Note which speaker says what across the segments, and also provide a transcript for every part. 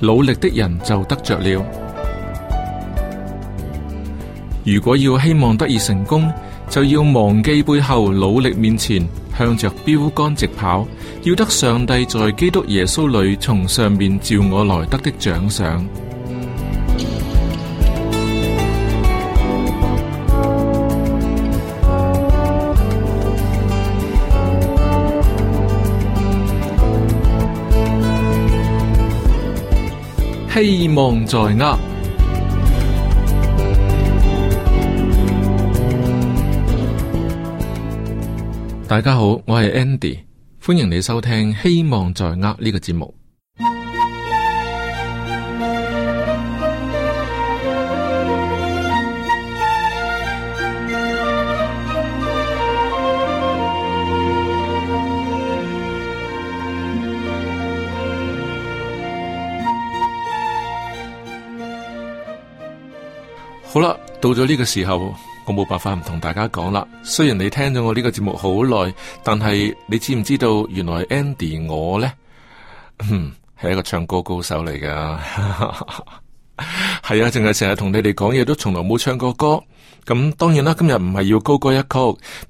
Speaker 1: 努力的人就得着了。如果要希望得以成功，就要忘記背後，努力面前，向着標杆直跑。要得上帝在基督耶穌裏從上面召我來得的獎賞。希望在握。大家好，我係 Andy，歡迎你收聽《希望在握》呢個節目。到咗呢個時候，我冇辦法唔同大家講啦。雖然你聽咗我呢個節目好耐，但係你知唔知道，原來 Andy 我咧，嗯，係一個唱歌高手嚟噶。 係啊，淨係成日同你哋講嘢，都從來冇唱過歌。咁、嗯、當然啦，今日唔係要高歌一曲。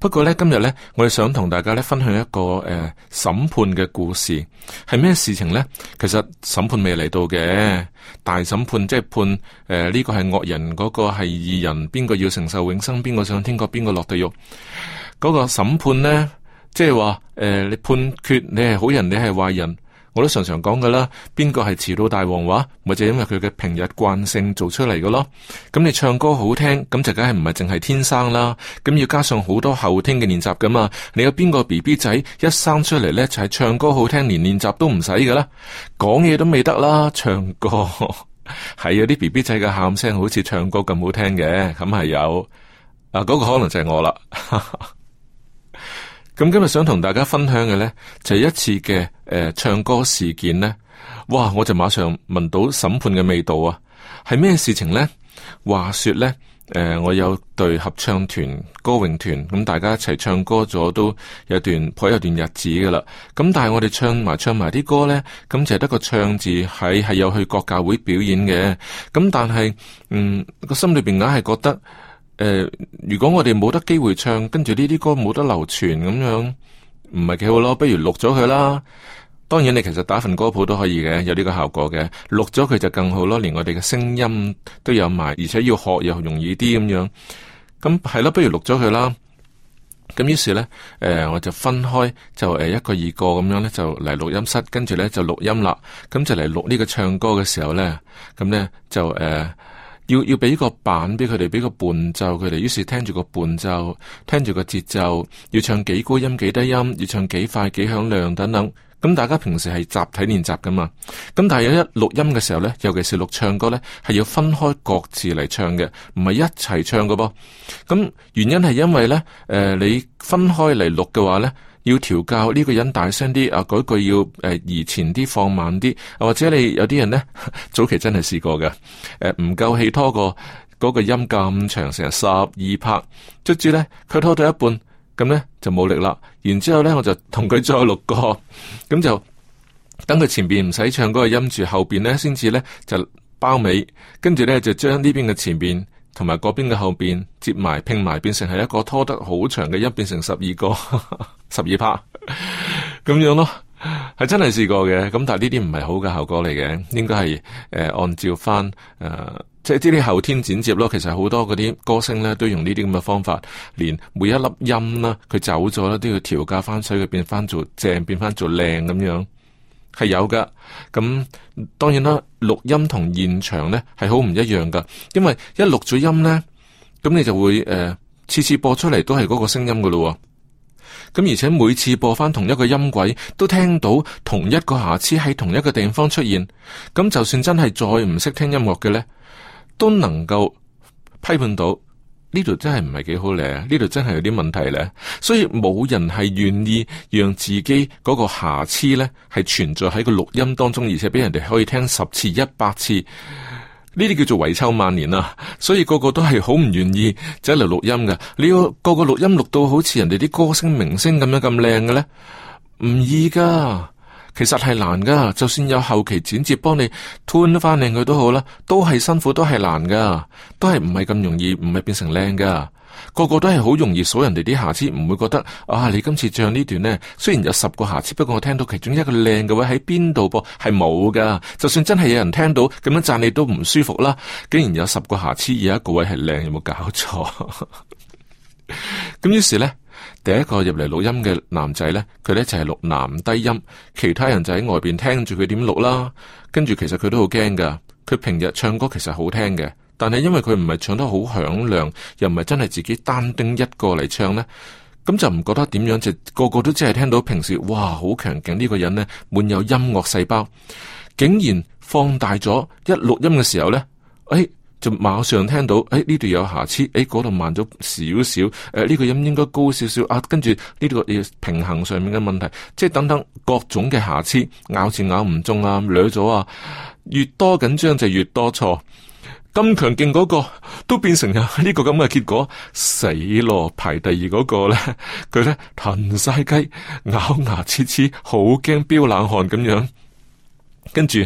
Speaker 1: 不過呢，今日呢，我哋想同大家呢分享一個誒審、呃、判嘅故事。係咩事情呢？其實審判未嚟到嘅，大審判即係判誒呢、呃這個係惡人，嗰、這個係義人，邊個要承受永生，邊個上天國，邊、那個落地獄。嗰個審判呢，即係話誒，你判決你係好人，你係壞人。我都常常講噶啦，邊個係遲到大王話，咪就因為佢嘅平日慣性做出嚟噶咯。咁你唱歌好聽，咁就梗係唔係淨係天生啦。咁要加上好多後天嘅練習噶嘛。你有邊個 B B 仔一生出嚟咧就係、是、唱歌好聽，連練習都唔使噶啦，講嘢都未得啦。唱歌係 有啲 B B 仔嘅喊聲好似唱歌咁好聽嘅，咁係有啊。嗰、那個可能就係我啦。 咁今日想同大家分享嘅呢，就係、一次嘅誒、呃、唱歌事件呢。哇！我就馬上聞到審判嘅味道啊！係咩事情呢？話說呢，誒、呃、我有隊合唱團、歌詠團，咁大家一齊唱歌咗都有段頗有段日子噶啦。咁但係我哋唱埋唱埋啲歌呢，咁就係得個唱字，係係有去國教會表演嘅。咁但係，嗯，個心裏邊硬係覺得。誒、呃，如果我哋冇得機會唱，跟住呢啲歌冇得流傳咁樣，唔係幾好咯。不如錄咗佢啦。當然你其實打份歌譜都可以嘅，有呢個效果嘅。錄咗佢就更好咯，連我哋嘅聲音都有埋，而且要學又容易啲咁樣。咁係咯，不如錄咗佢啦。咁於是呢，誒、呃、我就分開就誒一個二個咁樣咧，就嚟錄音室，跟住咧就錄音啦。咁就嚟錄呢個唱歌嘅時候呢，咁呢就誒。呃要要俾個版俾佢哋，俾個伴奏佢哋，於是聽住個伴奏，聽住個節奏，要唱幾高音幾低音，要唱幾快幾響亮等等。咁大家平時係集體練習㗎嘛？咁但係有一錄音嘅時候呢，尤其是錄唱歌呢，係要分開各自嚟唱嘅，唔係一齊唱嘅噃。咁原因係因為呢，誒、呃、你分開嚟錄嘅話呢。要調校呢個人大聲啲，啊句、那個、要誒、呃，移前啲，放慢啲、啊，或者你有啲人呢，早期真係試過嘅，誒唔夠氣拖過嗰個音咁長，成十二拍，卒住呢，佢拖到一半咁呢，就冇力啦。然之後咧我就同佢再錄個，咁就等佢前邊唔使唱嗰個音住，後邊呢，先至呢，就包尾，跟住呢，就將呢邊嘅前邊同埋嗰邊嘅後邊接埋拼埋，變成係一個拖得好長嘅音，變成十二個。 十二拍咁樣咯，係真係試過嘅。咁但係呢啲唔係好嘅效果嚟嘅，應該係誒按照翻誒、呃，即係啲啲後天剪接咯。其實好多嗰啲歌星咧，都用呢啲咁嘅方法，連每一粒音啦，佢走咗啦，都要調校翻水，佢變翻做正，變翻做靚咁樣，係有噶。咁、嗯、當然啦，錄音同現場咧係好唔一樣噶，因為一錄咗音咧，咁你就會誒，次、呃、次播出嚟都係嗰個聲音噶啦喎。咁而且每次播翻同一個音軌，都聽到同一個瑕疵喺同一個地方出現。咁就算真係再唔識聽音樂嘅呢，都能夠批判到呢度真係唔係幾好呢？呢度真係有啲問題呢。所以冇人係願意讓自己嗰個瑕疵呢係存在喺個錄音當中，而且俾人哋可以聽十次、一百次。呢啲叫做遺臭萬年啊，所以個個都係好唔願意走嚟錄音噶。你要個個錄音錄到好似人哋啲歌星明星咁樣咁靚嘅咧，唔易噶。其實係難噶，就算有後期剪接幫你 turn 翻靚佢都好啦，都係辛苦，都係難噶，都係唔係咁容易，唔係變成靚噶。個個都係好容易數人哋啲瑕疵，唔會覺得啊！你今次唱呢段呢，雖然有十個瑕疵，不過我聽到其中一個靚嘅位喺邊度噃？係冇噶，就算真係有人聽到咁樣讚你都唔舒服啦！竟然有十個瑕疵，有一個位係靚，有冇搞錯？咁 於是呢，第一個入嚟錄音嘅男仔呢，佢呢就係、是、錄男低音，其他人就喺外邊聽住佢點錄啦。跟住其實佢都好驚噶，佢平日唱歌其實好聽嘅。但係，因為佢唔係唱得好響亮，又唔係真係自己單丁一個嚟唱呢，咁就唔覺得點樣，就個個都只係聽到平時哇好強勁呢個人呢，滿有音樂細胞，竟然放大咗一錄音嘅時候呢，誒、哎、就馬上聽到誒，呢度有瑕疵，誒嗰度慢咗少少，誒、呃、呢、這個音應該高少少啊，跟住呢度要平衡上面嘅問題，即係等等各種嘅瑕疵，咬字咬唔中啊，掠咗啊，越多緊張就越多錯。咁強勁嗰個都變成啊呢個咁嘅結果死咯！排第二嗰個咧，佢咧騰晒雞咬牙切齒，好驚飆冷汗咁樣。跟住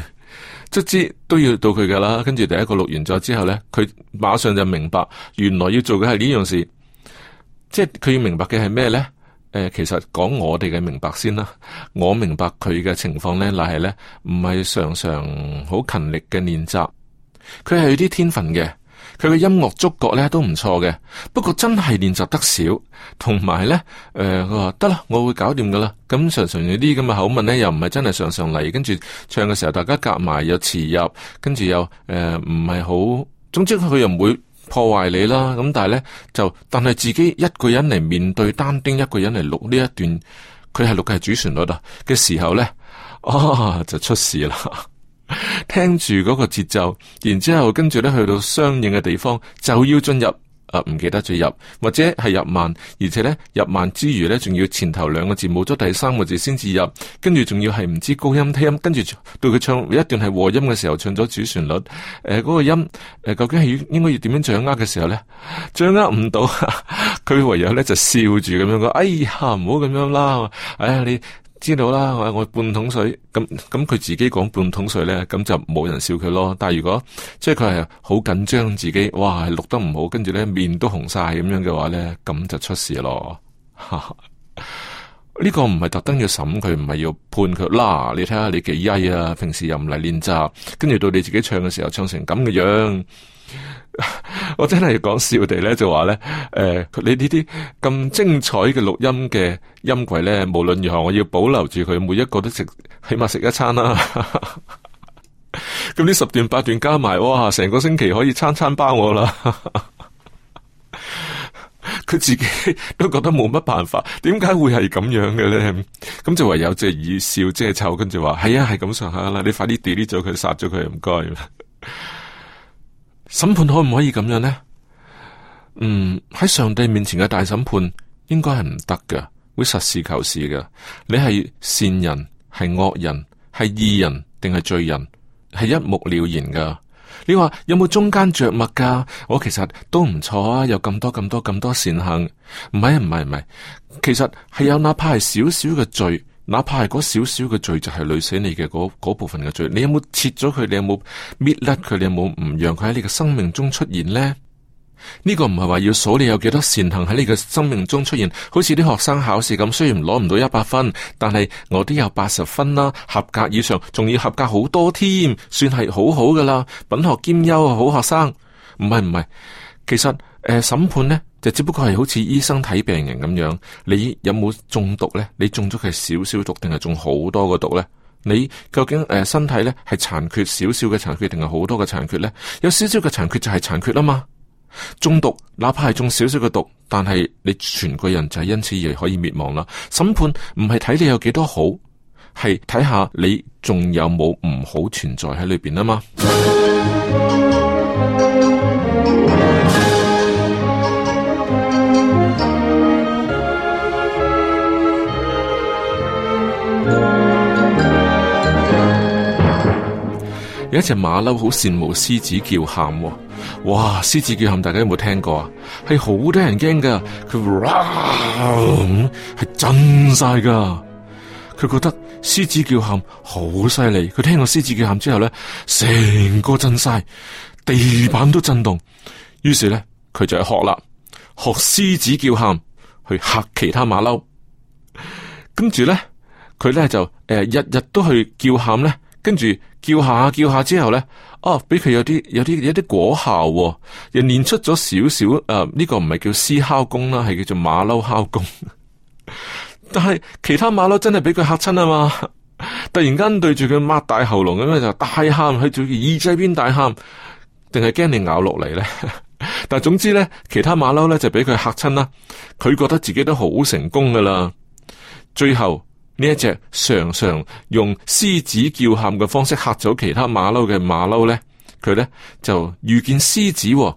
Speaker 1: 卒之都要到佢噶啦。跟住第一個錄完咗之後咧，佢馬上就明白，原來要做嘅係呢樣事。即係佢要明白嘅係咩咧？誒、呃，其實講我哋嘅明白先啦。我明白佢嘅情況咧，乃係咧唔係常常好勤力嘅練習。佢係有啲天分嘅，佢嘅音樂觸覺咧都唔錯嘅。不過真係練習得少，同埋咧，誒、呃，佢話得啦，我會搞掂噶啦。咁常常有啲咁嘅口吻咧，又唔係真係常常嚟。跟住唱嘅時候，大家夾埋又遲入，跟住又誒唔係好。總之佢又唔會破壞你啦。咁但係咧就，但係自己一個人嚟面對單丁，一個人嚟錄呢一段，佢係錄嘅係主旋律啊嘅時候咧、哦，就出事啦。聽住嗰個節奏，然之後跟住咧去到相應嘅地方就要進入，啊唔記得再入，或者係入慢，而且咧入慢之餘咧，仲要前頭兩個字冇咗第三個字先至入，跟住仲要係唔知高音低音，跟住到佢唱一段係和音嘅時候唱咗主旋律，誒、呃、嗰、那個音誒、呃、究竟係應該要點樣掌握嘅時候咧？掌握唔到，佢 唯有咧就笑住咁樣講，哎呀唔好咁樣啦，哎呀你。知道啦，我半桶水咁咁，佢自己講半桶水咧，咁就冇人笑佢咯。但係如果即係佢係好緊張自己，哇，係錄得唔好，跟住咧面都紅晒咁樣嘅話咧，咁就出事咯。呢個唔係特登要審佢，唔係要判佢啦。你睇下你幾曳啊，平時又唔嚟練習，跟住到你自己唱嘅時候，唱成咁嘅樣。 我真係講笑哋咧，就話咧，誒、呃，你呢啲咁精彩嘅錄音嘅音軌咧，無論如何我要保留住佢，每一個都食，起碼食一餐啦。咁 呢十段八段加埋，哇，成個星期可以餐餐包我啦。佢 自己都覺得冇乜辦法，點解會係咁樣嘅咧？咁就唯有只以笑遮醜，跟住話係啊，係咁上下啦，你快啲 delete 咗佢，殺咗佢，唔該。審判可唔可以咁樣呢？嗯，喺上帝面前嘅大審判應該係唔得嘅，會實事求是嘅。你係善人，係惡人，係義人定係罪人，係一目了然噶。你話有冇中間着墨噶？我其實都唔錯啊，有咁多咁多咁多善行。唔係唔係唔係，其實係有哪怕係少少嘅罪。哪怕係嗰少少嘅罪，就係累死你嘅嗰部分嘅罪，你有冇切咗佢？你有冇搣甩佢？你有冇唔讓佢喺你嘅生命中出現呢？呢個唔係話要數你有幾多善行喺你嘅生命中出現，好似啲學生考試咁，雖然攞唔到一百分，但係我都有八十分啦，合格以上，仲要合格好多添，算係好好噶啦，品學兼優嘅好學生。唔係唔係，其實誒審判呢。就只不過係好似醫生睇病人咁樣，你有冇中毒呢？你中咗係少少毒定係中好多個毒呢？你究竟誒、呃、身體呢？係殘缺少少嘅殘缺，定係好多嘅殘缺呢？有少少嘅殘缺就係殘缺啊嘛！中毒，哪怕係中少少嘅毒，但係你全個人就係因此而可以滅亡啦。審判唔係睇你有幾多好，係睇下你仲有冇唔好存在喺裏邊啊嘛。 有一隻馬騮好羨慕獅子叫喊、哦，哇！獅子叫喊，大家有冇聽過啊？係好得人驚噶，佢係震晒噶。佢覺得獅子叫喊好犀利，佢聽過獅子叫喊之後咧，成個震晒，地板都震動。於是咧，佢就去學啦，學獅子叫喊，去嚇其他馬騮。跟住咧，佢咧就誒日日都去叫喊咧，跟住。叫下叫下之後咧，啊、哦，俾佢有啲有啲有啲果效，又練出咗少少。誒，呢個唔係叫獅哮功啦，係叫做馬騮哮功。 但係其他馬騮真係俾佢嚇親啊嘛！ 突然間對住佢擘大喉嚨咁樣就大喊，喺住耳仔邊大喊，定係驚你咬落嚟咧？ 但係總之咧，其他馬騮咧就俾佢嚇親啦。佢覺得自己都好成功噶啦。最後。呢一隻常常用獅子叫喊嘅方式嚇走其他馬騮嘅馬騮咧，佢咧就遇見獅子，哦、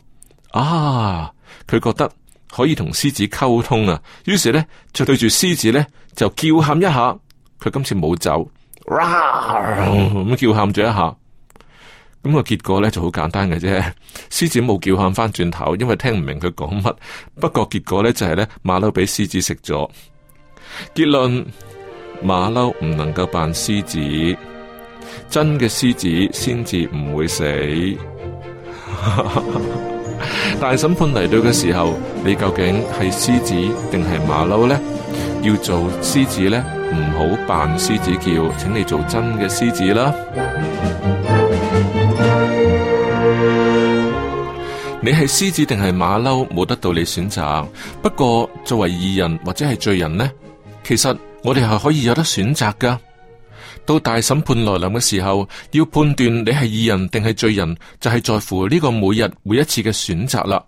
Speaker 1: 啊，佢覺得可以同獅子溝通啊，於是咧就對住獅子咧就叫喊一下。佢今次冇走，咁，呃呃、叫喊咗一下，咁，個結果咧就好簡單嘅啫。獅子冇叫喊翻轉頭，因為聽唔明佢講乜。不過結果咧就係咧馬騮俾獅子食咗。結論。馬騮唔能夠扮獅子，真嘅獅子先至唔會死。 大審判嚟到嘅時候，你究竟係獅子定係馬騮呢？要做獅子咧，唔好扮獅子叫，請你做真嘅獅子啦。 你係獅子定係馬騮，冇得到你選擇。不過作為義人或者係罪人呢，其實。我哋係可以有得選擇噶。到大審判來臨嘅時候，要判斷你係義人定係罪人，就係在乎呢個每日每一次嘅選擇啦。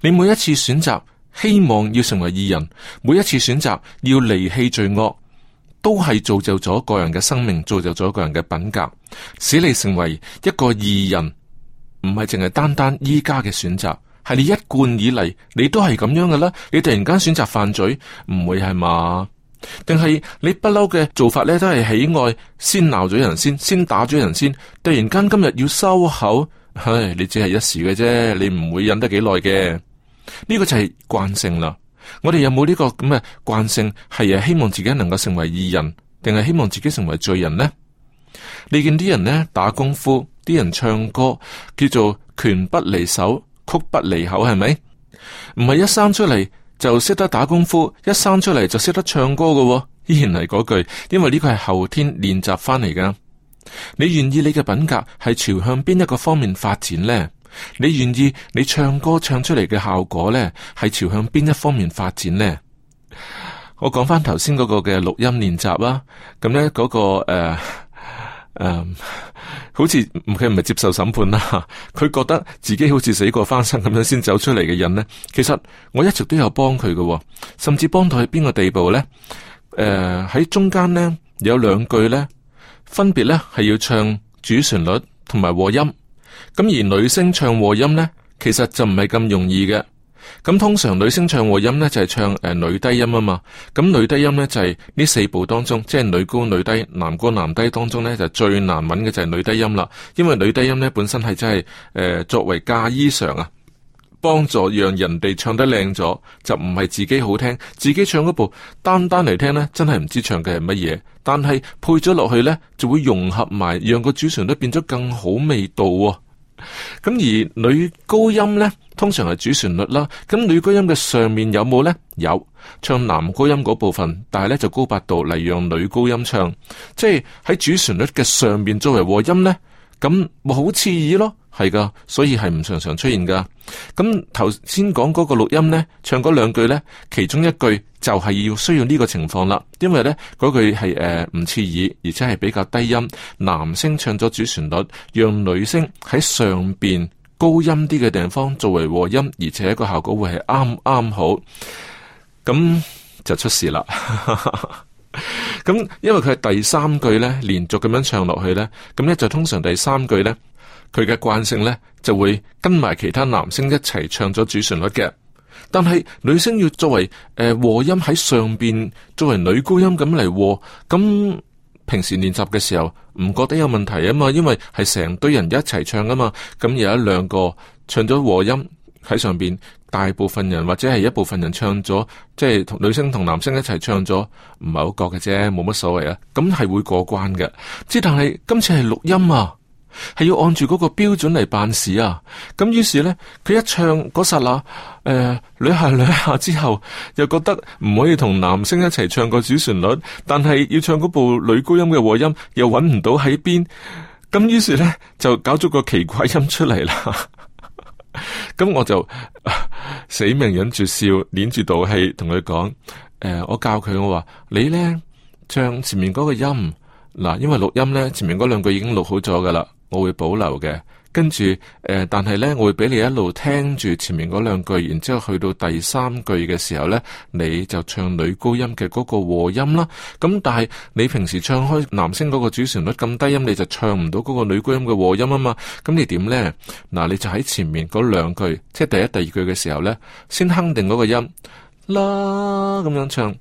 Speaker 1: 你每一次選擇希望要成為義人，每一次選擇要離棄罪惡，都係造就咗個人嘅生命，造就咗個人嘅品格，使你成為一個義人。唔係淨係單單依家嘅選擇，係你一貫以嚟你都係咁樣嘅啦。你突然間選擇犯罪，唔會係嘛？定係你不嬲嘅做法咧，都係喜愛先鬧咗人先，先打咗人先，突然間今日要收口，唉，你只係一時嘅啫，你唔會忍得幾耐嘅。呢個就係慣性啦。我哋有冇呢個咁嘅慣性？係啊，希望自己能夠成為義人，定係希望自己成為罪人呢？你見啲人呢，打功夫，啲人唱歌，叫做拳不離手，曲不離口，係咪？唔係一生出嚟，就識得打功夫，一生出嚟，就識得唱歌嘅、哦，依然係嗰句，因為呢個係後天練習翻嚟噶。你願意你嘅品格係朝向邊一個方面發展呢？你願意你唱歌唱出嚟嘅效果呢，係朝向邊一方面發展呢？我講翻頭先嗰個嘅錄音練習啦，咁呢嗰個誒。呃誒，um, 好似唔佢唔係接受審判啦，佢覺得自己好似死過翻身咁樣先走出嚟嘅人呢，其實我一直都有幫佢嘅、哦，甚至幫到去邊個地步呢？誒、呃，喺中間呢，有兩句呢，分別呢係要唱主旋律同埋和音，咁而女聲唱和音呢，其實就唔係咁容易嘅。咁通常女聲唱和音呢，就係、是、唱、呃、女低音啊嘛，咁、呃、女低音呢，就係、是、呢四部當中，即係女高、女低、男高、男低當中呢，就最難揾嘅就係女低音啦，因為女低音呢，本身係真係作為嫁衣裳啊，幫助讓人哋唱得靚咗，就唔係自己好聽，自己唱嗰部單單嚟聽呢，真係唔知唱嘅係乜嘢，但係配咗落去呢，就會融合埋，讓個主旋律變咗更好味道喎、哦。咁而女高音呢，通常係主旋律啦。咁女高音嘅上面有冇呢？有，唱男高音嗰部分，但係呢就高八度嚟讓女高音唱，即係喺主旋律嘅上面作為和音呢。咁咪好刺耳咯。係噶，所以係唔常常出現噶。咁頭先講嗰個錄音呢，唱嗰兩句呢，其中一句就係要需要呢個情況啦。因為呢句係誒唔刺耳，而且係比較低音男聲唱咗主旋律，讓女聲喺上邊高音啲嘅地方作為和音，而且個效果會係啱啱好。咁就出事啦。咁 因為佢係第三句呢，連續咁樣唱落去呢。咁呢就通常第三句呢。佢嘅慣性呢，就會跟埋其他男聲一齊唱咗主旋律嘅，但係女聲要作為誒、呃、和音喺上邊作為女高音咁嚟，咁平時練習嘅時候唔覺得有問題啊嘛，因為係成堆人一齊唱啊嘛，咁有一兩個唱咗和音喺上邊，大部分人或者係一部分人唱咗，即係同女聲同男聲一齊唱咗，唔係好覺嘅啫，冇乜所謂啊，咁係會過關嘅，即但係今次係錄音啊。係要按住嗰個標準嚟辦事啊！咁於是呢，佢一唱嗰剎那，誒、呃，兩下兩下之後，又覺得唔可以同男聲一齊唱個主旋律，但係要唱嗰部女高音嘅和音，又揾唔到喺邊。咁於是呢，就搞咗個奇怪音出嚟啦。咁、 嗯、我就、呃、死命忍住笑，捻住度氣，同佢講，誒、呃，我教佢我話，你呢，唱前面嗰個音嗱，因為錄音呢，前面嗰兩句已經錄好咗噶啦。我會保留嘅，跟住誒，但係呢，我會俾你一路聽住前面嗰兩句，然之後去到第三句嘅時候呢，你就唱女高音嘅嗰個和音啦。咁、嗯、但係你平時唱開男聲嗰個主旋律咁低音，你就唱唔到嗰個女高音嘅和音啊嘛。咁、嗯、你點呢？嗱，你就喺前面嗰兩句，即係第一、第二句嘅時候呢，先哼定嗰個音啦，咁樣唱，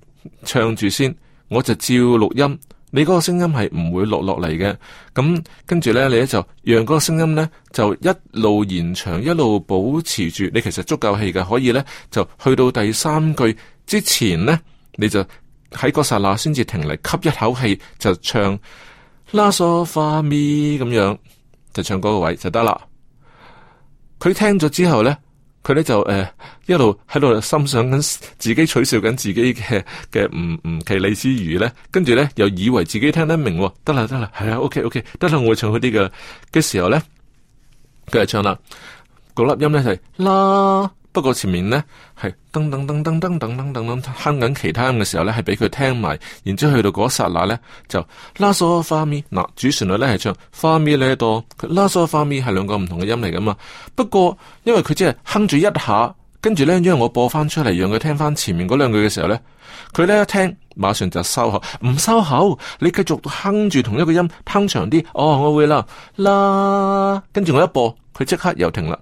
Speaker 1: 唱住先，我就照錄音。你嗰個聲音係唔會落落嚟嘅，咁跟住咧，你咧就讓嗰個聲音咧就一路延長，一路保持住，你其實足夠氣嘅，可以咧就去到第三句之前咧，你就喺嗰剎那先至停嚟吸一口氣，就唱拉索發咪咁樣，就唱嗰個位就得啦。佢聽咗之後咧。佢咧就誒、呃、一路喺度心想緊自己取笑緊自己嘅嘅唔唔其利之餘咧，跟住咧又以為自己聽得明喎、哦，得啦得啦，係、哎、啊 OK OK，得啦我會唱嗰啲嘅嘅時候咧，佢就唱啦，嗰、那、粒、個、音咧就係、是、啦。不過前面咧係噔噔噔噔噔噔噔噔哼緊其他音嘅時候咧，係俾佢聽埋，然之後去到嗰一剎那咧，就啦嗦花咪嗱，主旋律咧係唱花咪呢度，啦嗦花咪係兩個唔同嘅音嚟噶嘛。不過因為佢只係哼住一下，跟住咧因為我播翻出嚟，讓佢聽翻前面嗰兩句嘅時候咧，佢咧一聽，馬上就收口，唔收口，你繼續哼住同一個音，哼長啲。哦，我會啦啦，跟住我一播，佢即刻又停啦。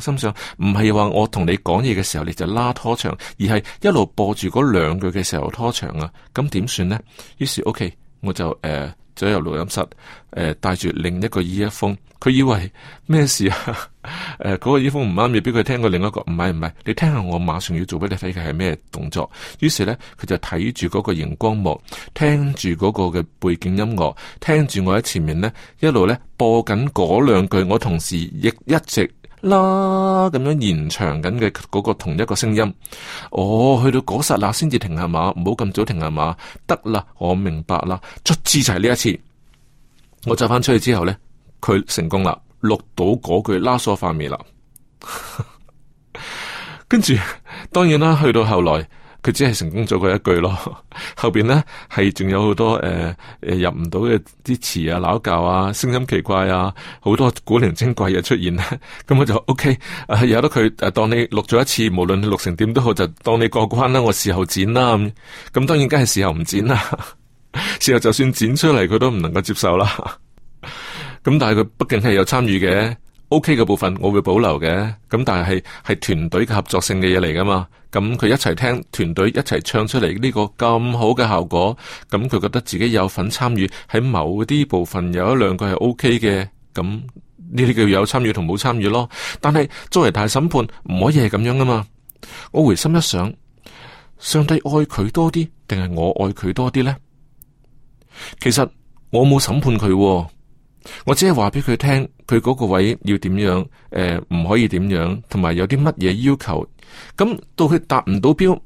Speaker 1: 心想，唔係話我同你講嘢嘅時候你就拉拖長，而係一路播住嗰兩句嘅時候拖長啊。咁點算呢？於是，OK，我就誒走、呃、入錄音室，誒帶住另一個 earphone，佢以為咩事啊？誒、 呃，嗰、嗰個 earphone 唔啱，要俾佢聽過另一個。唔係唔係，你聽下我馬上要做俾你睇嘅係咩動作。於是咧，佢就睇住嗰個熒光幕，聽住嗰個嘅背景音樂，聽住我喺前面咧一路咧播緊嗰兩句，我同時亦一直。啦，咁樣延長緊嘅嗰個同一個聲音，我、哦、去到嗰剎那先至停下嘛，唔好咁早停下嘛，得啦，我明白啦，卒之就係呢一次，我走翻出去之後咧，佢成功啦，錄到嗰句「拉鎖畫未」啦， 跟住當然啦，去到後來。佢只係成功咗佢一句咯，後邊咧係仲有好多誒誒、呃、入唔到嘅啲詞啊、鬧教啊、聲音奇怪啊，好多古靈精怪嘅出現咧，咁、 嗯、我就 OK，啊、有得佢、啊、當你錄咗一次，無論你錄成點都好，就當你過關啦，我事後剪啦，咁、嗯嗯、當然梗係事後唔剪啦，事 後就算剪出嚟佢都唔能夠接受啦，咁、 嗯、但係佢畢竟係有參與嘅。O K 嘅部分我會保留嘅，咁但係係係團隊嘅合作性嘅嘢嚟噶嘛。咁佢一齊聽團隊一齊唱出嚟呢個咁好嘅效果，咁佢覺得自己有份參與。喺某啲部分有一兩個係 OK 嘅，咁呢啲叫有參與同冇參與咯。但係作為大審判，唔可以係咁樣噶嘛。我回心一想，上帝愛佢多啲定係我愛佢多啲呢？其實我冇審判佢喎。我只係話俾佢聽，佢嗰個位要點樣，誒、呃、唔可以點樣，同埋有啲乜嘢要求。咁、嗯、到佢達唔到標，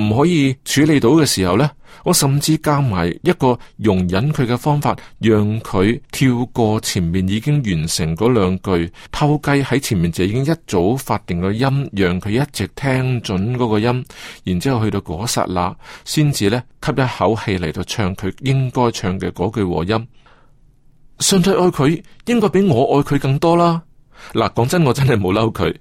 Speaker 1: 唔可以處理到嘅時候呢，我甚至加埋一個容忍佢嘅方法，讓佢跳過前面已經完成嗰兩句，偷雞喺前面就已經一早發定個音，讓佢一直聽準嗰個音，然之後去到嗰剎那，先至呢吸一口氣嚟到唱佢應該唱嘅嗰句和音。上帝愛佢，應該比我愛佢更多啦。嗱，講真，我真係冇嬲佢，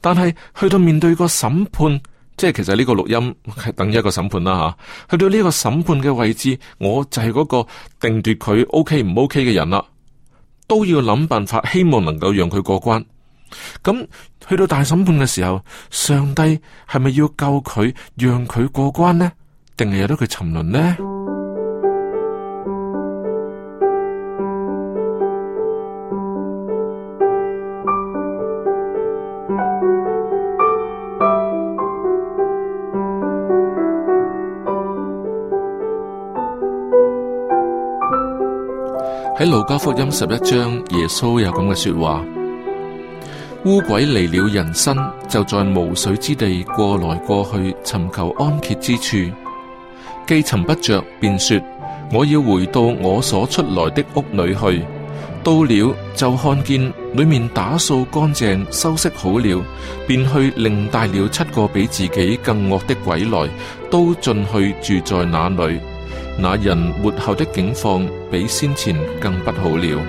Speaker 1: 但係去到面對個審判，即係其實呢個錄音係等於一個審判啦吓、啊。去到呢個審判嘅位置，我就係嗰個定奪佢 OK 唔 OK 嘅人啦，都要諗辦法，希望能夠讓佢過關。咁去到大審判嘅時候，上帝係咪要救佢，讓佢過關呢？定係由得佢沉淪呢？喺路加福音十一章，耶穌有咁嘅說話：污鬼離了人生，人身就在無水之地過來過去，尋求安歇之處，既尋不着，便說：我要回到我所出來的屋裏去。到了就看見裏面打掃乾淨、收拾好了，便去另帶了七個比自己更惡的鬼來，都進去住在那裏。那人活後的境況比先前更不好了。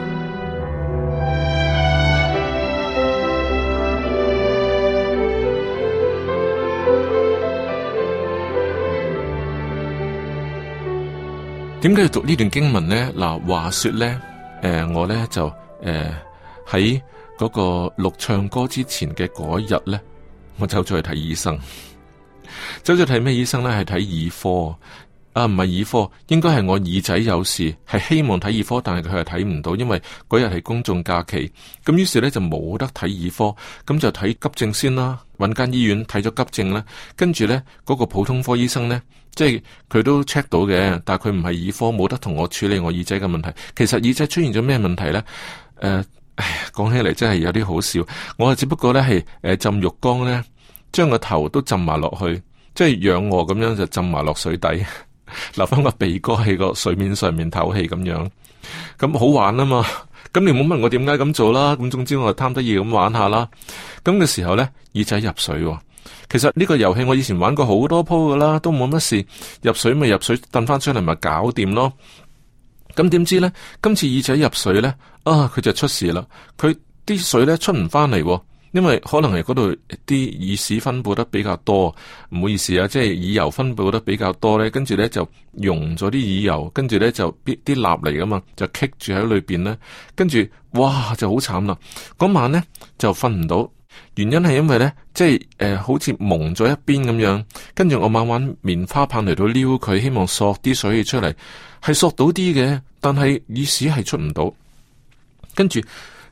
Speaker 1: 點解 要讀呢段經文呢？嗱，話說咧，誒、呃，我咧就誒喺嗰個錄唱歌之前嘅嗰一日咧，我走咗去睇醫生， 走咗睇咩醫生咧？係睇耳科。啊，唔係耳科，應該係我耳仔有事，係希望睇耳科，但係佢係睇唔到，因為嗰日係公眾假期。咁於是呢，就冇得睇耳科，咁就睇急症先啦。揾間醫院睇咗急症啦。跟住呢，嗰個普通科醫生呢，即係佢都 check 到嘅，但係佢唔係耳科，冇得同我處理我耳仔嘅問題。其實耳仔出現咗咩問題呢？誒、呃，講起嚟真係有啲好笑。我只不過呢，係誒浸浴缸呢，將個頭都浸埋落去，即係仰臥咁樣就浸埋落水底。留翻個鼻哥喺個水面上面透氣咁樣，咁好玩啊嘛！咁你唔好問我點解咁做啦，咁總之我就貪得意咁玩下啦。咁嘅時候咧，耳仔入水喎。其實呢個遊戲我以前玩過好多鋪噶啦，都冇乜事。入水咪入水，扽翻出嚟咪搞掂咯。咁點知咧？今次耳仔入水咧，啊，佢就出事啦。佢啲水咧，出唔翻嚟喎。因為可能係嗰度啲耳屎分布得比較多，唔好意思啊，即係耳油分布得比較多咧，跟住咧就溶咗啲耳油，跟住咧就啲蠟嚟噶嘛，就棘住喺裏邊咧，跟住哇就好慘啦！嗰晚咧就瞓唔到，原因係因為咧即係誒、呃、好似蒙咗一邊咁樣，跟住我晚晚棉花棒嚟到撩佢，希望索啲水氣出嚟，係索到啲嘅，但係耳屎係出唔到，跟住。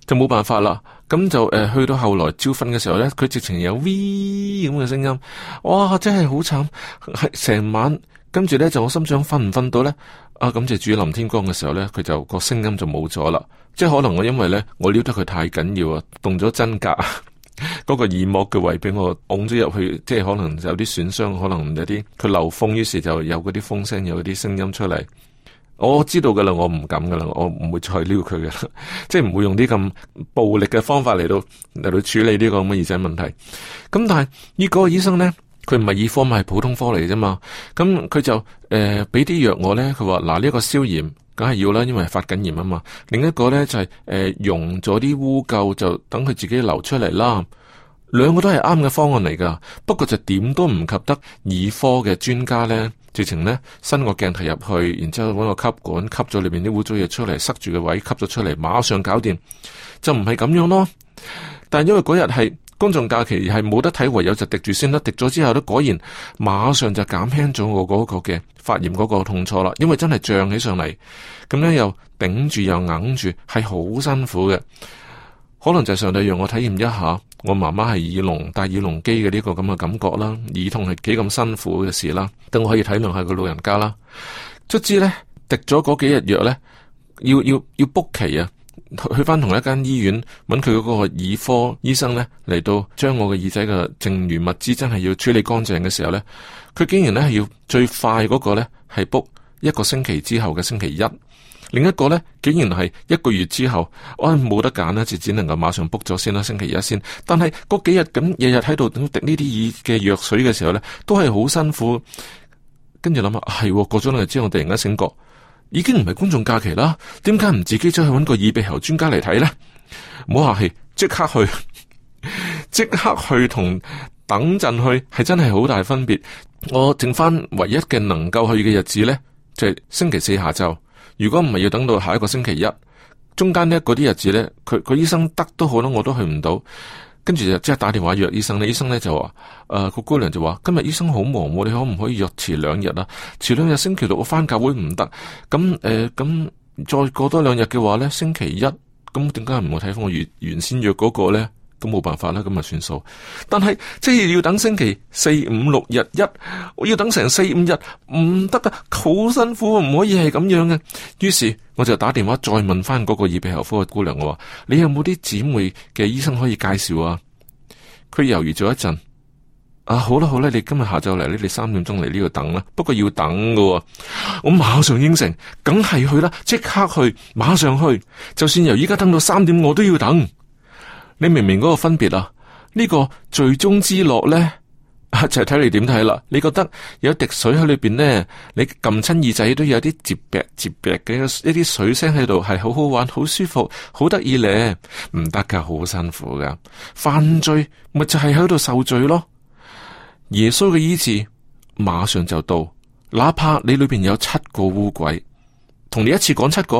Speaker 1: 就冇辦法啦，咁就誒、呃、去到後來招瞓嘅時候咧，佢直情有 V 咁嘅聲音，哇真係好慘，係成晚跟住咧就我心想瞓唔瞓到咧，啊咁就住臨天光嘅時候咧，佢就個聲音就冇咗啦，即係可能我因為咧我撩得佢太緊要啊，動咗真格啊，嗰 個耳膜嘅位俾我㧬咗入去，即係可能有啲損傷，可能有啲佢漏風，於是就有嗰啲風聲有啲聲音出嚟。我知道噶啦，我唔敢噶啦，我唔會再撩佢噶啦， 即係唔會用啲咁暴力嘅方法嚟到嚟到處理呢個咁嘅耳仔問題。咁但係呢個醫生咧，佢唔係耳科，咪係普通科嚟啫嘛。咁佢就誒俾啲藥我咧，佢話嗱，呢個消炎梗係要啦，因為發緊炎啊嘛。另一個咧就係誒溶咗啲污垢就等佢自己流出嚟啦。兩個都係啱嘅方案嚟噶，不過就點都唔及得耳科嘅專家咧。直情呢，伸個鏡頭入去，然之後揾個吸管吸咗裏面啲污糟嘢出嚟，塞住個位吸咗出嚟，馬上搞掂，就唔係咁樣咯。但係因為嗰日係公眾假期，係冇得睇，唯有就滴住先啦。滴咗之後咧，果然馬上就減輕咗我嗰個嘅發炎嗰個痛楚啦。因為真係脹起上嚟，咁樣又頂住又硬住，係好辛苦嘅。可能就係上帝讓我體驗一下。我媽媽係耳聾，戴耳聾機嘅呢個咁嘅感覺啦，耳痛係幾咁辛苦嘅事啦，等我可以體諒下個老人家啦。卒之呢，滴咗嗰幾日藥呢，要要要 book 期啊，去翻同一間醫院揾佢嗰個耳科醫生呢，嚟到將我嘅耳仔嘅剩餘物資真係要處理乾淨嘅時候呢，佢竟然呢係要最快嗰個呢，係 book 一個星期之後嘅星期一。另一個咧竟然係一個月之後，我、哎、冇得揀啦，就只能夠馬上 book 咗先啦。星期一先，但係嗰幾日咁日日喺度滴呢啲嘅藥水嘅時候咧都係好辛苦。跟住諗下係過咗兩日之後，我突然間醒覺，已經唔係公眾假期啦。點解唔自己出去揾個耳鼻喉專家嚟睇咧？唔好客氣，即刻去，即 刻去同等陣去，係真係好大分別。我剩翻唯一嘅能夠去嘅日子咧，就係、是、星期四下晝。如果唔係要等到下一個星期一，中間呢嗰啲日子呢，佢佢醫生得都好啦，我都去唔到。跟住就即係打電話約醫生呢，醫生呢就話，誒、呃、個姑娘就話，今日醫生好忙，我哋可唔可以約遲兩日啊？遲兩日星期六我翻教會唔得，咁誒咁再過多兩日嘅話呢，星期一，咁點解唔會睇翻我原先約嗰個呢？都冇辦法啦，咁咪算數。但係即係要等星期四五六日一，我要等成四五日，唔得呀，好辛苦，唔可以係咁樣嘅。於是我就打電話再問翻嗰個耳鼻喉科嘅姑娘，我話你有冇啲姊妹嘅醫生可以介紹啊？佢猶豫咗一陣，啊好啦好啦，你今日下晝嚟，你三點鐘嚟呢度等啦。不過要等㗎，我馬上應承，梗係去啦，即刻去，馬上去。就算由依家等到三點，我都要等。你明唔明嗰個分別啊？呢、這個罪中之樂呢， 就睇你點睇啦。你覺得有滴水喺裏邊呢，你撳親耳仔都有啲折壁接壁嘅一啲水聲喺度，係好好玩，好舒服，好得意咧。唔得噶，好辛苦噶。犯罪咪就係喺度受罪咯。耶穌嘅醫治馬上就到，哪怕你裏邊有七個烏鬼，同你一次講七個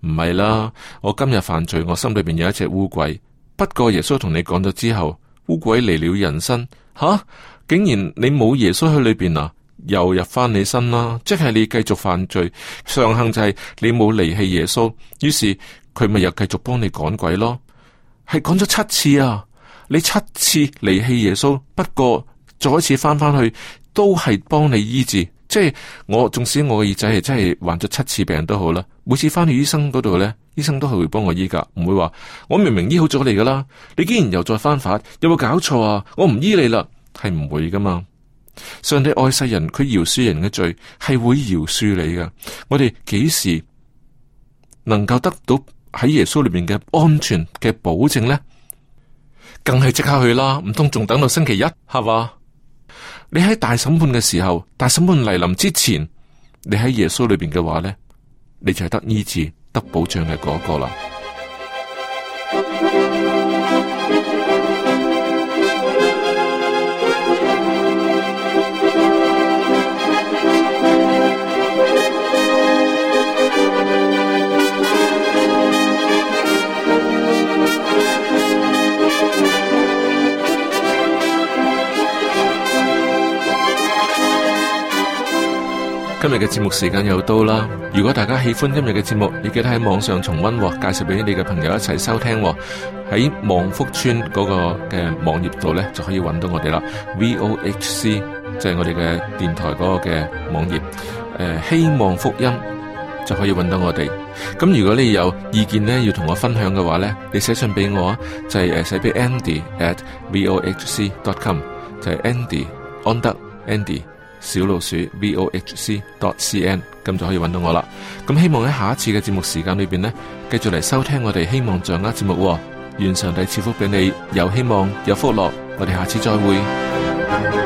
Speaker 1: 唔係啦。我今日犯罪，我心裏邊有一隻烏鬼。不過耶穌同你講咗之後，烏鬼嚟了人生，吓、啊！竟然你冇耶穌喺裏邊啊，又入翻你身啦，即係你繼續犯罪。上幸就係你冇離棄耶穌，於是佢咪又繼續幫你趕鬼咯，係講咗七次啊！你七次離棄耶穌，不過再一次翻翻去都係幫你醫治，即係我，縱使我嘅耳仔係真係患咗七次病都好啦，每次翻去醫生嗰度咧，醫生都係會幫我醫噶唔會話我明明醫好咗你噶啦。你竟然又再翻發，有冇搞錯啊？我唔醫你啦，係唔會噶嘛？上帝愛世人，佢饒恕人嘅罪係會饒恕你噶。我哋幾時能夠得到喺耶穌裏邊嘅安全嘅保證呢？梗係即刻去啦，唔通仲等到星期一係嘛？吧你喺大審判嘅時候，大審判嚟臨之前，你喺耶穌裏邊嘅話咧，你就係得醫治，得保障嘅嗰個啦。今日嘅節目時間又到啦！如果大家喜歡今日嘅節目，你記得喺網上重溫，介紹俾你嘅朋友一齊收聽喎。喺望福村嗰個嘅網頁度呢，就可以揾到我哋啦。V O H C，即係我哋嘅電台嗰個嘅網頁。誒、呃，希望福音就可以揾到我哋。咁如果你有意見呢，要同我分享嘅話呢，你寫信俾我啊，就係、是、誒，寫俾 Andy at vohc.com，就係 Andy 安德 Andy。小老鼠 vohc.cn 咁就可以揾到我啦。咁希望喺下一次嘅節目時間裏面呢，繼續嚟收聽我哋希望掌握節目喎。願上帝賜福俾你，有希望有福樂。我哋下次再會。